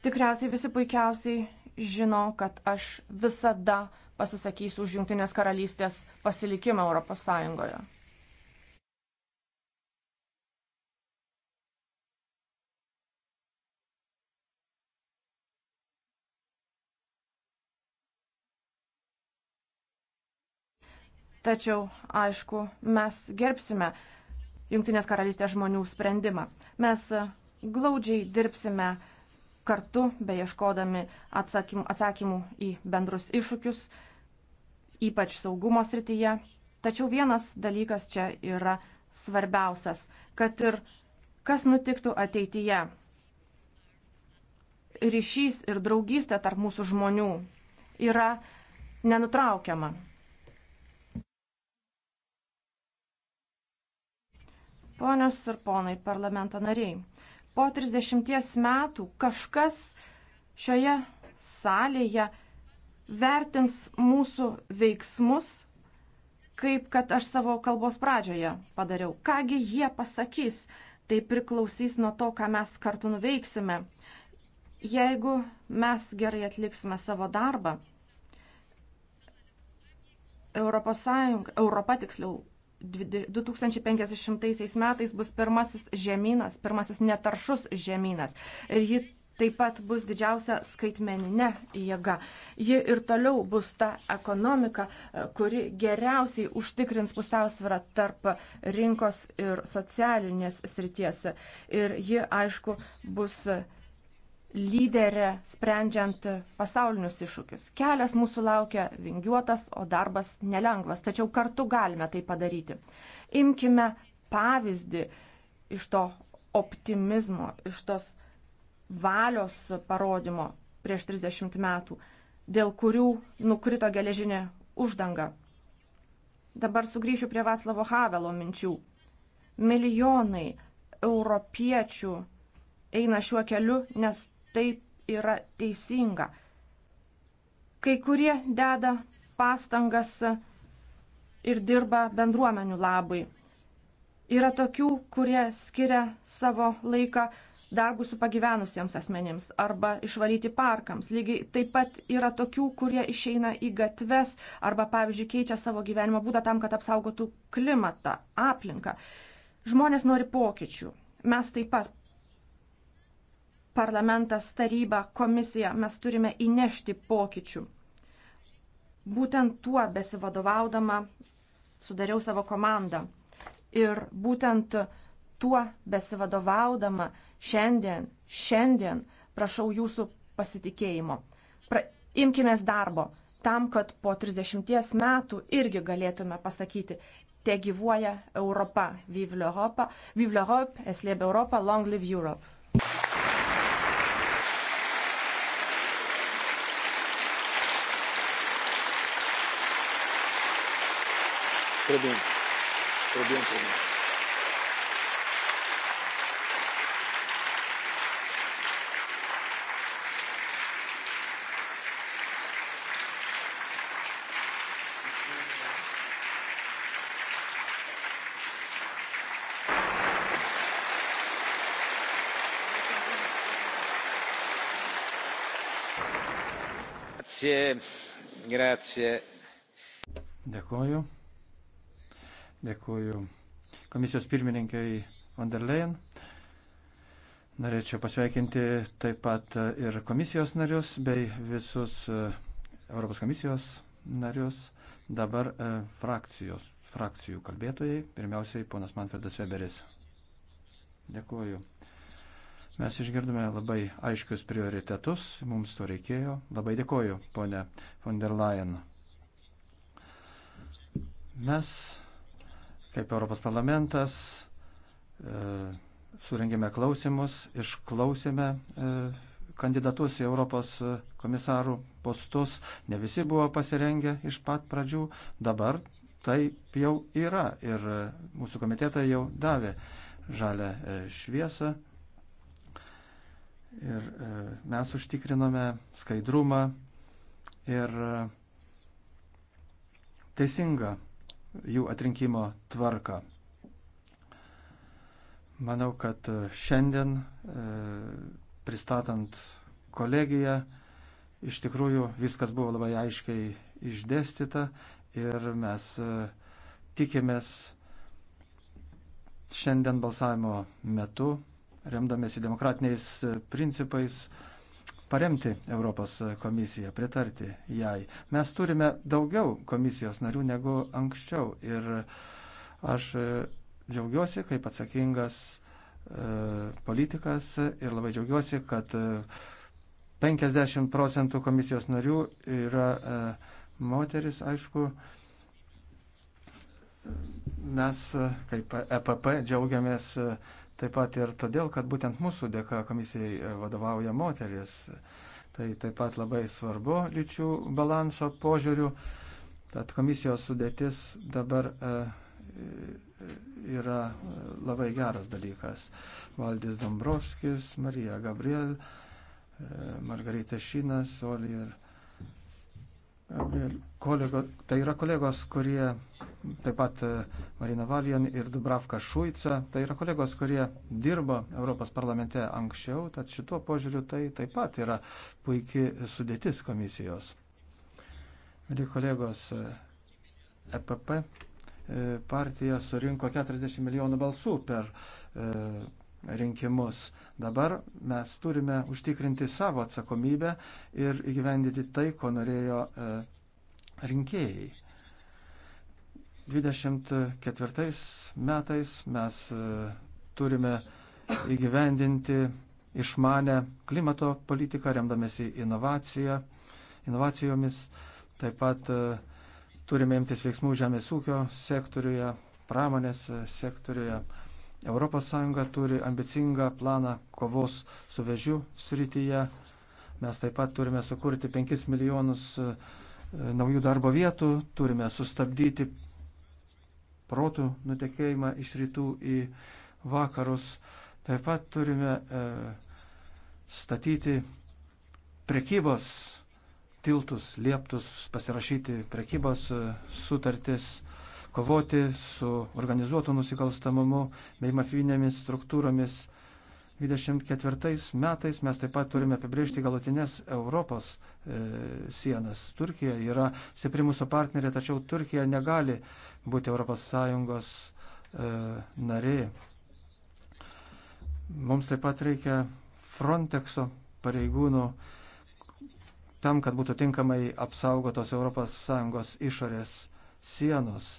Tikriausiai visi puikiausiai žino, kad aš visada pasisakysiu už Junktinės karalystės pasilikimą Europos Sąjungoje. Tačiau, aišku, mes gerbsime Junktinės karalystės žmonių sprendimą. Mes e, glaudžiai dirbsime kartu, beieškodami atsakym, atsakymų į bendrus iššūkius, ypač saugumo srityje. Tačiau vienas dalykas čia yra svarbiausias, kad ir kas nutiktų ateityje. Ryšys ir draugystė tarp mūsų žmonių yra nenutraukiama. Ponios ir ponai, parlamento nariai, po 30 metų kažkas šioje salėje vertins mūsų veiksmus, kaip kad aš savo kalbos pradžioje padariau. Kągi jie pasakys, tai priklausys nuo to, ką mes kartu nuveiksime. Jeigu mes gerai atliksime savo darbą, Europos Sąjunga, Europa tiksliau, 2050 metais bus pirmasis žemynas, pirmasis netaršus žemynas. Ir ji taip pat bus didžiausia skaitmeninė jėga. Ji ir toliau bus ta ekonomika, e, kuri geriausiai užtikrins pusiausvyrą tarp rinkos ir socialinės srities. Ir ji, aišku, bus lyderė sprendžiant pasaulinius iššūkius. Kelias mūsų laukia vingiuotas, o darbas nelengvas, tačiau kartu galime tai padaryti. Imkime pavyzdį iš to optimizmo, iš tos valios parodymo prieš 30 metų, dėl kurių nukrito geležinė uždanga. Dabar sugrįšiu prie Vaslavo Havelo minčių. Milijonai europiečių eina šiuo keliu, nes taip yra teisinga. Kai kurie deda pastangas ir dirba bendruomenių labai. Yra tokių, kurie skiria savo laiką darbų su pagyvenusiems asmenims arba išvalyti parkams. Lygiai taip pat yra tokių, kurie išeina į gatves arba, pavyzdžiui, keičia savo gyvenimo būdą tam, kad apsaugotų klimatą, aplinką. Žmonės nori pokyčių. Mes taip pat parlamentas, taryba, komisija, mes turime įnešti pokyčių. Būtent tuo besivadovaudama sudariau savo komandą. Ir būtent tuo besivadovaudama šiandien, šiandien prašau jūsų pasitikėjimo. Pra, imkime darbo tam, kad po 30 metų irgi galėtume pasakyti, te gyvuoja Europa, vive l'Europe, vive l'Europe, es liebe Europa, long live Europe. Très bien. Très bien, très bien. Grazie. Grazie. Dėkoju. Dėkuoju komisijos pirmininkai van der Leyen. Norėčiau pasveikinti taip pat ir komisijos narius bei visus e, Europos komisijos narius. Dabar e, frakcijos, frakcijų kalbėtojai. Pirmiausiai ponas Manfredas Weberis. Dėkuoju. Mes išgirdome labai aiškius prioritetus, mums to reikėjo. Labai dėkoju, ponė von der Leyen. Mes kaip Europos parlamentas e, surengėme klausimus, išklausėme e, kandidatus į Europos e, komisarų postus. Ne visi buvo pasirengę iš pat pradžių, dabar tai jau yra ir mūsų komitetai jau davė žalę šviesą. Ir mes užtikrinome skaidrumą ir teisingą jų atrinkimo tvarką. Manau, kad e, šiandien e, pristatant kolegiją iš tikrųjų viskas buvo labai aiškiai išdėstyta ir mes e, tikimės šiandien balsavimo metu, remdamėsi demokratiniais principais, paremti Europos komisiją, pritarti jai. Mes turime daugiau komisijos narių negu anksčiau ir aš e, džiaugiuosi kaip atsakingas e, politikas ir labai džiaugiuosi, kad 50 e, procentų komisijos narių yra moteris, aišku, mes kaip EPP džiaugiamės Taip pat ir todėl, kad būtent mūsų dėka komisijai e, vadovauja moteris. Tai taip pat labai svarbu lyčių balanso požiūrių. Tad komisijos sudėtis dabar e, e yra e, labai geras dalykas. Valdis Dombrovskis, Marija Gabriel, e, Margarita Šinas, Oli ir Gabriel, kolego, tai yra kolegos, kurie taip pat e, Marina Valjon ir Dubravka Šuica, tai yra kolegos, kurie dirbo Europos parlamente anksčiau, tad šituo požiūriu tai taip pat yra puikiai sudėtis komisijos. Mėly kolegos, EPP e e, partija surinko 40 milijonų balsų per rinkimus. Dabar mes turime užtikrinti savo atsakomybę ir įgyvendyti tai, ko norėjo e, rinkėjai. 24 metais mes e, turime įgyvendinti išmanę klimato politiką, remdamėsi inovacijomis. Taip pat e, turime imtis veiksmų žemės ūkio sektoriuje, pramonės sektoriuje ES turi ambicingą planą kovos su vežiu srityje. Mes taip pat turime sukurti 5 milijonus e, naujų darbo vietų, turime sustabdyti protų nutekėjimą iš rytų į vakarus. Taip pat turime e, statyti prekybos tiltus, lieptus, pasirašyti prekybos e, sutartis kovoti su organizuotu nusikalstamumu bei mafijinėmis struktūromis. 24 metais mes taip pat turime apibriežti galutinės Europos e, sienas. Turkija yra stipri mūsų partnerė, tačiau Turkija negali būti ES e, narė. Mums taip pat reikia Frontexo pareigūnų tam, kad būtų tinkamai apsaugotos ES išorės sienos.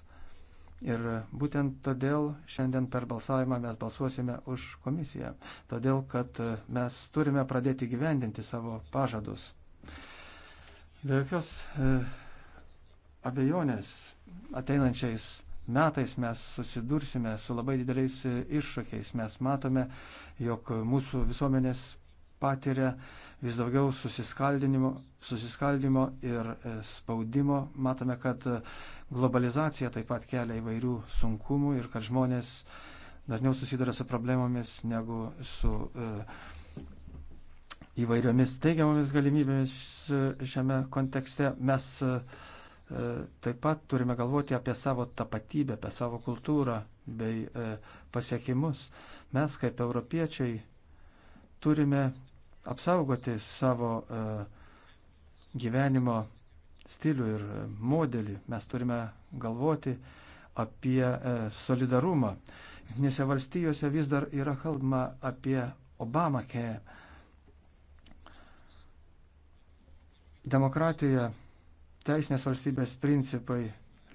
Ir būtent todėl šiandien per balsavimą mes balsuosime už komisiją. Todėl, kad mes turime pradėti gyvendinti savo pažadus. Be jokios e, abejonės ateinančiais metais mes susidursime su labai dideliais e, iššūkiais. Mes matome, jog mūsų visuomenės patiria e, vis daugiau susiskaldimo, susiskaldimo ir e, spaudimo. Matome, kad e, globalizacija taip pat kelia įvairių sunkumų ir kad žmonės dažniau susiduria su problemomis negu su e, įvairiomis teigiamomis galimybėmis šiame kontekste. Mes taip pat turime galvoti apie savo tapatybę, apie savo kultūrą bei pasiekimus. Mes kaip europiečiai turime apsaugoti savo e, gyvenimo stilių ir modelį. Mes turime galvoti apie e, solidarumą. Nes valstijose vis dar yra kalbama apie Obamacare. Demokratija, teisinės valstybės principai,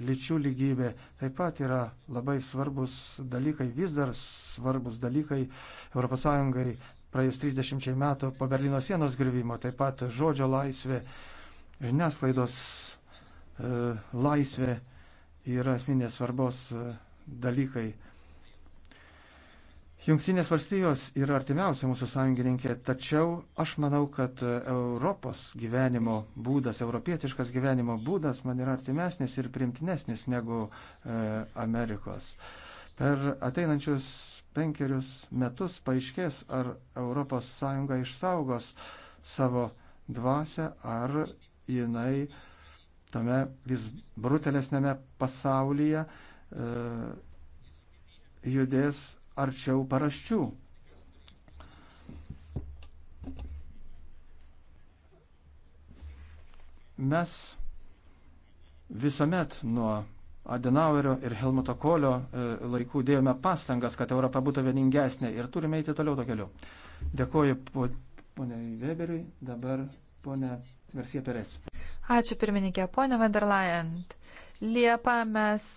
lyčių lygybė taip pat yra labai svarbus dalykai, vis dar svarbus dalykai ES praėjus 30 metų po Berlyno sienos grįvimo, taip pat žodžio laisvė, žiniasklaidos e, laisvė yra esminės svarbos e, dalykai. Junktinės valstijos yra artimiausia mūsų sąjungininkė, tačiau aš manau, kad Europos gyvenimo būdas, europietiškas gyvenimo būdas man yra artimesnis ir primtinesnis negu e, Amerikos. Per ateinančius penkerius metus paaiškės, ar ES išsaugos savo dvasę, ar jinai tame vis brutelėsnėme pasaulyje e, judės arčiau paraščių. Mes visuomet nuo Adenauerio ir Helmuto Kolio e, laikų dėjome pastangas, kad Europa būtų vieningesnė ir turime eiti toliau to keliu. Dėkuoju po, poniai Weberiui, dabar ponia Garcia Perez. Ačiū pirmininkė, ponia van der Leyen. Liepa mes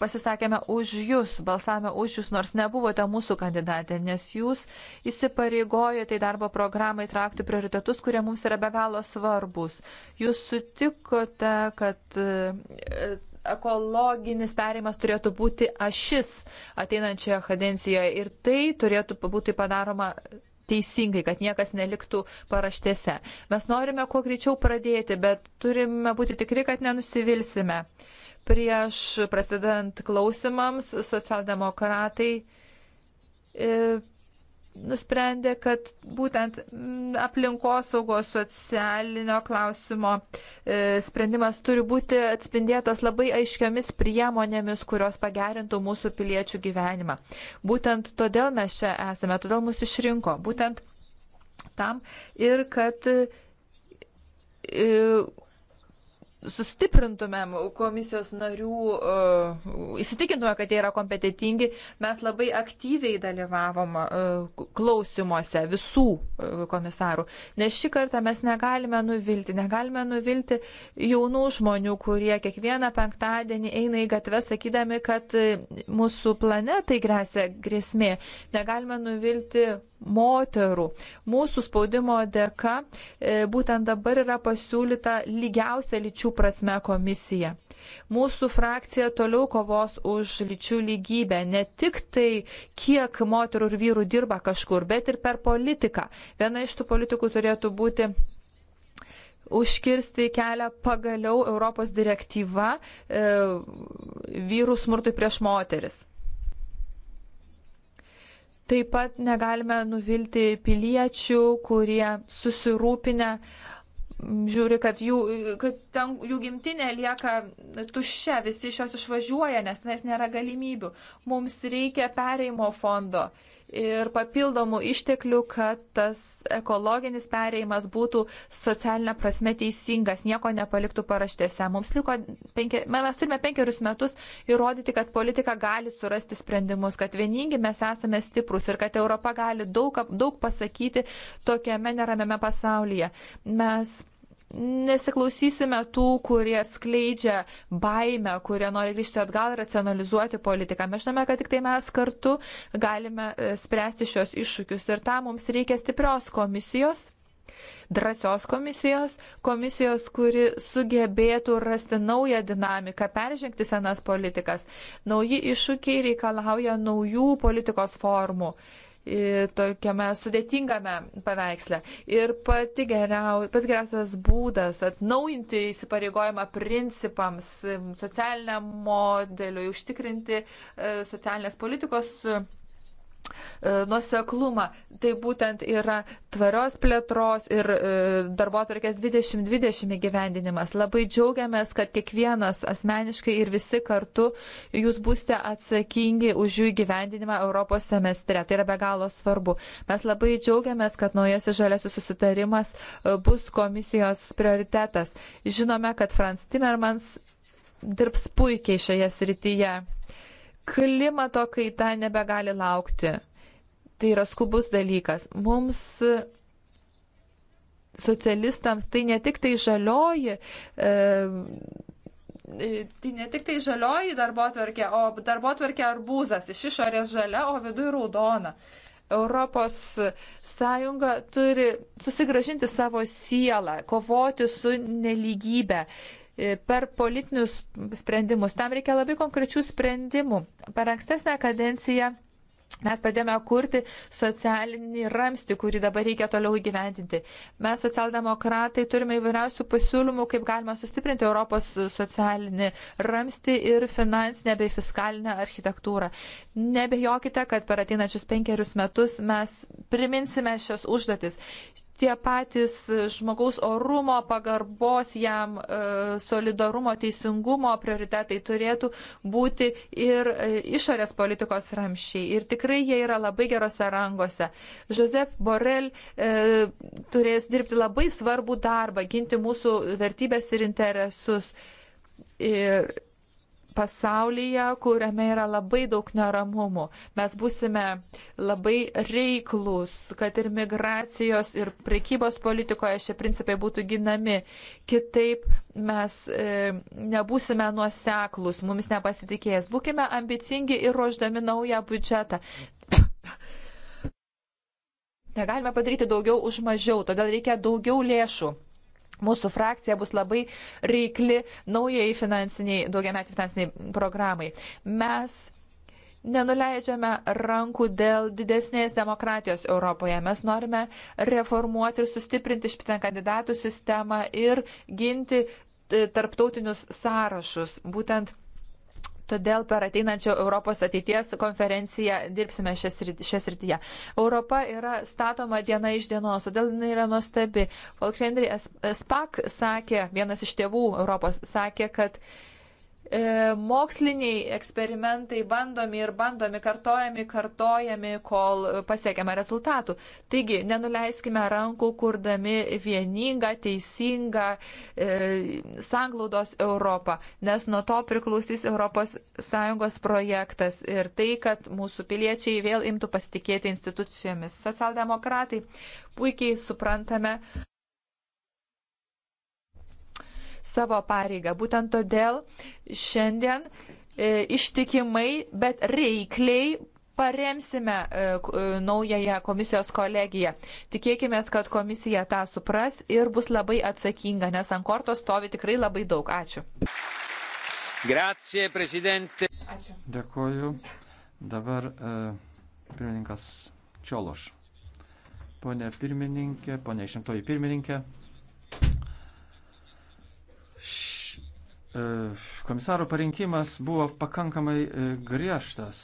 pasisakėme už jūs, balsavome už jūs, nors nebuvote mūsų kandidatė, nes jūs įsipareigojote į darbo programą įtraukti prioritetus, kurie mums yra be galo svarbus. Jūs sutikote, kad e, ekologinis perėjimas turėtų būti ašis ateinančioje kadencijoje ir tai turėtų būti padaroma teisingai, kad niekas neliktų paraštėse. Mes norime kuo greičiau pradėti, bet turime būti tikri, kad nenusivilsime. Prieš prasidant klausimams socialdemokratai e, nusprendė, kad būtent aplinkosaugos socialinio klausimo e, sprendimas turi būti atspindėtas labai aiškiamis priemonėmis, kurios pagerintų mūsų piliečių gyvenimą. Būtent todėl mes čia esame, todėl mus išrinko, būtent tam ir kad e, sustiprintumėm komisijos narių, e, įsitikintumėm, kad jie yra kompetitingi, mes labai aktyviai dalyvavom e, klausimuose visų e, komisarų. Nes šį kartą mes negalime nuvilti, negalime nuvilti jaunų žmonių, kurie kiekvieną penktadienį eina į gatvę sakydami, kad mūsų planetai grėsia grėsmė. Negalime nuvilti moterų. Mūsų spaudimo dėka e, būtent dabar yra pasiūlyta lygiausia lyčių prasme komisija. Mūsų frakcija toliau kovos už lyčių lygybę, ne tik tai, kiek moterų ir vyrų dirba kažkur, bet ir per politiką. Viena iš tų politikų turėtų būti užkirsti kelią pagaliau Europos direktyva e, vyrų smurtui prieš moteris. Taip pat negalime nuvilti piliečių, kurie susirūpinę žiūri, kad jų, kad ten, jų gimtinė lieka tuščia, visi iš jos išvažiuoja, nes nes nėra galimybių. Mums reikia pereimo fondo ir papildomų išteklių, kad tas ekologinis pereimas būtų socialinė prasme teisingas, nieko nepaliktų paraštėse. Mums liko, penki, mes turime penkerius metus įrodyti, kad politika gali surasti sprendimus, kad vieningi mes esame stiprus ir kad Europa gali daug, daug pasakyti tokiame neramiame pasaulyje. Mes nesiklausysime tų, kurie skleidžia baimę, kurie nori grįžti atgal ir racionalizuoti politiką. Mes žinome, kad tik tai mes kartu galime e, spręsti šios iššūkius ir tam mums reikia stiprios komisijos. Drąsios komisijos, komisijos, kuri sugebėtų rasti naują dinamiką, peržengti senas politikas. Nauji iššūkiai reikalauja naujų politikos formų tokiame sudėtingame paveiksle. Ir geriau, pats geriausias būdas atnaujinti įsipareigojimą principams, socialiniam modeliui, užtikrinti e, socialinės politikos E, nuoseklumą. Tai būtent yra tvarios plėtros ir darbo atvarkės 2020 įgyvendinimas. Labai džiaugiamės, kad kiekvienas asmeniškai ir visi kartu jūs būsite atsakingi už jų įgyvendinimą Europos semestre. Tai yra be galo svarbu. Mes labai džiaugiamės, kad naujasis žaliasis susitarimas e, bus komisijos prioritetas. Žinome, kad Franz Timmermans dirbs puikiai šioje srityje. Klimato kaita nebegali laukti. Tai yra skubus dalykas. Mums socialistams tai ne tik tai žalioji. E, Tai ne tik tai žalioji darbo tvarkė, o darbo tvarkė arbūzas iš išorės žalia, o viduje raudona. Europos Sąjunga turi susigražinti savo sielą, kovoti su neligybė. E, per politinius sprendimus. Tam reikia labai konkrečių sprendimų. Per ankstesnę kadenciją mes pradėjome kurti socialinį ramstį, kurį dabar reikia toliau įgyvendinti. Mes socialdemokratai turime įvairiausių pasiūlymų, kaip galima sustiprinti Europos socialinį ramstį ir finansinę bei fiskalinę architektūrą. Nebejokite, kad per ateinančius penkerius metus mes priminsime šias užduotis tie patys e, žmogaus orumo, pagarbos jam, e, solidarumo, teisingumo prioritetai turėtų būti ir e, išorės politikos ramšiai. Ir tikrai jie yra labai gerose rangose. Josep Borel e, turės dirbti labai svarbų darbą, ginti mūsų vertybės ir interesus. Ir pasaulyje, kuriame yra labai daug neramumų. Mes būsime labai reiklus, kad ir migracijos, ir prekybos politikoje šie principai būtų ginami. Kitaip mes e, nebūsime nuoseklus, mumis nepasitikėjęs. Būkime ambicingi ir ruoždami naują biudžetą. Negalime padaryti daugiau už mažiau, todėl reikia daugiau lėšų Mūsų frakcija bus labai reikli naujai finansiniai, daugiametį finansiniai programai. Mes nenuleidžiame rankų dėl didesnės demokratijos Europoje. Mes norime reformuoti ir sustiprinti špitę kandidatų sistemą ir ginti e, tarptautinius sąrašus. Būtent Todėl per ateinančią Europos ateities konferenciją dirbsime šią srityje. Europa yra statoma diena iš dienos, todėl jinai yra nuostabi. Volkrendri Spak sakė, vienas iš tėvų Europos sakė, kad E, moksliniai eksperimentai bandomi ir bandomi, kartojami, kartojami, kol pasiekiama rezultatų. Taigi, nenuleiskime rankų, kurdami vieningą, teisingą e, sanglaudos Europą, nes nuo to priklausys ES projektas ir tai, kad mūsų piliečiai vėl imtų pasitikėti institucijomis. Socialdemokratai puikiai suprantame, savo pareigą. Būtent todėl šiandien e, ištikimai, bet reikliai paremsime e, e, naująją komisijos kolegiją. Tikėkime, kad komisija tą supras ir bus labai atsakinga, nes ant kortos stovi tikrai labai daug. Ačiū. Grazie, prezidente. Ačiū. Dėkuoju. Dabar e, pirmininkas Čiološ. Pone pirmininkė, pone išrinktoji pirmininkė. E, komisarų parinkimas buvo pakankamai e, griežtas,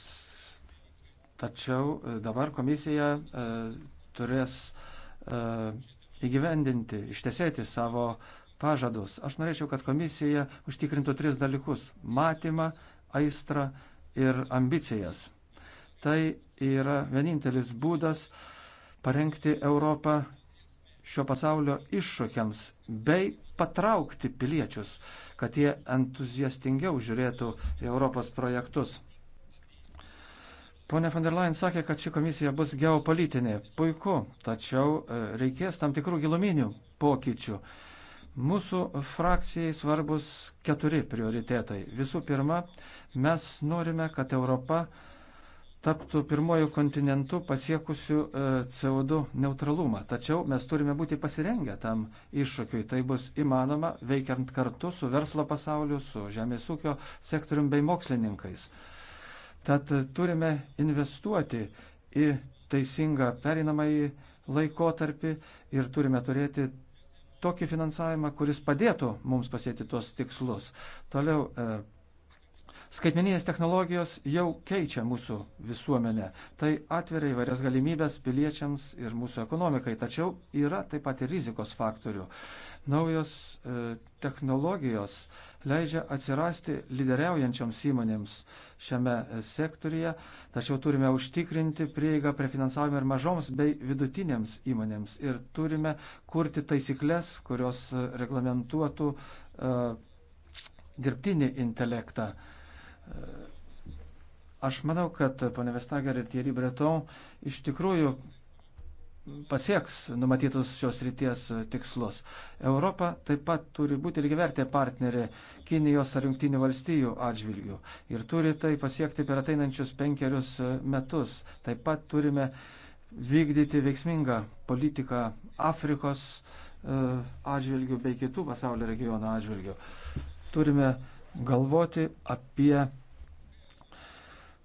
tačiau e, dabar komisija turės įgyvendinti, ištesėti savo pažadus. Aš norėčiau, kad komisija užtikrintų tris dalykus - matymą, aistrą ir ambicijas. Tai yra vienintelis būdas parengti Europą šio pasaulio iššūkiams bei patraukti piliečius, kad jie entuziastingiau žiūrėtų į Europos projektus. Pone von der Leyen sakė, kad ši komisija bus geopolitinė. Puiku, tačiau e, reikės tam tikrų giluminių pokyčių. Mūsų frakcijai svarbus keturi prioritetai. Visų pirma, mes norime, kad Europa taptų pirmojų kontinentų pasiekusių e, CO2 neutralumą. Tačiau mes turime būti pasirengę tam iššūkiui. Tai bus įmanoma veikiant kartu su verslo pasauliu, su žemės ūkio sektorium bei mokslininkais. Tad turime investuoti į teisingą pereinamąjį laikotarpį ir turime turėti tokį finansavimą, kuris padėtų mums pasėti tuos tikslus. Toliau e, Skaitmeninės technologijos jau keičia mūsų visuomenę. Tai atveria įvairias galimybės piliečiams ir mūsų ekonomikai, tačiau yra taip pat ir rizikos faktorių. Naujos e, technologijos leidžia atsirasti lyderiaujančioms įmonėms šiame e, sektorija, tačiau turime užtikrinti prieigą prie finansavimo ir mažoms bei vidutinėms įmonėms ir turime kurti taisyklės, kurios e, reglamentuotų e, dirbtinį intelektą. E, Aš manau, kad ponė Vestager ir Thierry Breton iš tikrųjų pasieks numatytus šios ryties tikslus. Europa taip pat turi būti lygi vertė partnerė Kinijos ar Junktinių valstijų atžvilgių ir turi tai pasiekti per ateinančius penkerius metus. Taip pat turime vykdyti veiksmingą politiką Afrikos e, atžvilgių bei kitų pasaulio regionų atžvilgių. Turime galvoti apie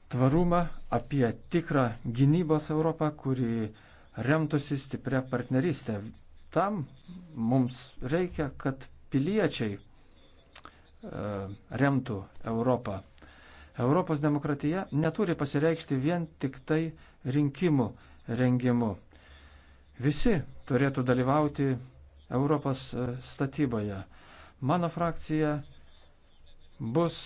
tvarumą, apie tikrą gynybos Europą, kuri remtųsi stiprią partnerystę. Tam mums reikia, kad piliečiai e, remtų Europą. Europos demokratija neturi pasireikšti vien tik tai rinkimų rengimu. Visi turėtų dalyvauti Europos e, statyboje. Mano frakcija bus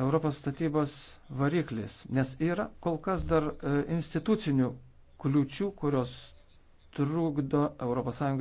Europos statybos variklis, nes yra kol kas dar e, institucinių kliučių, kurios trukdo ES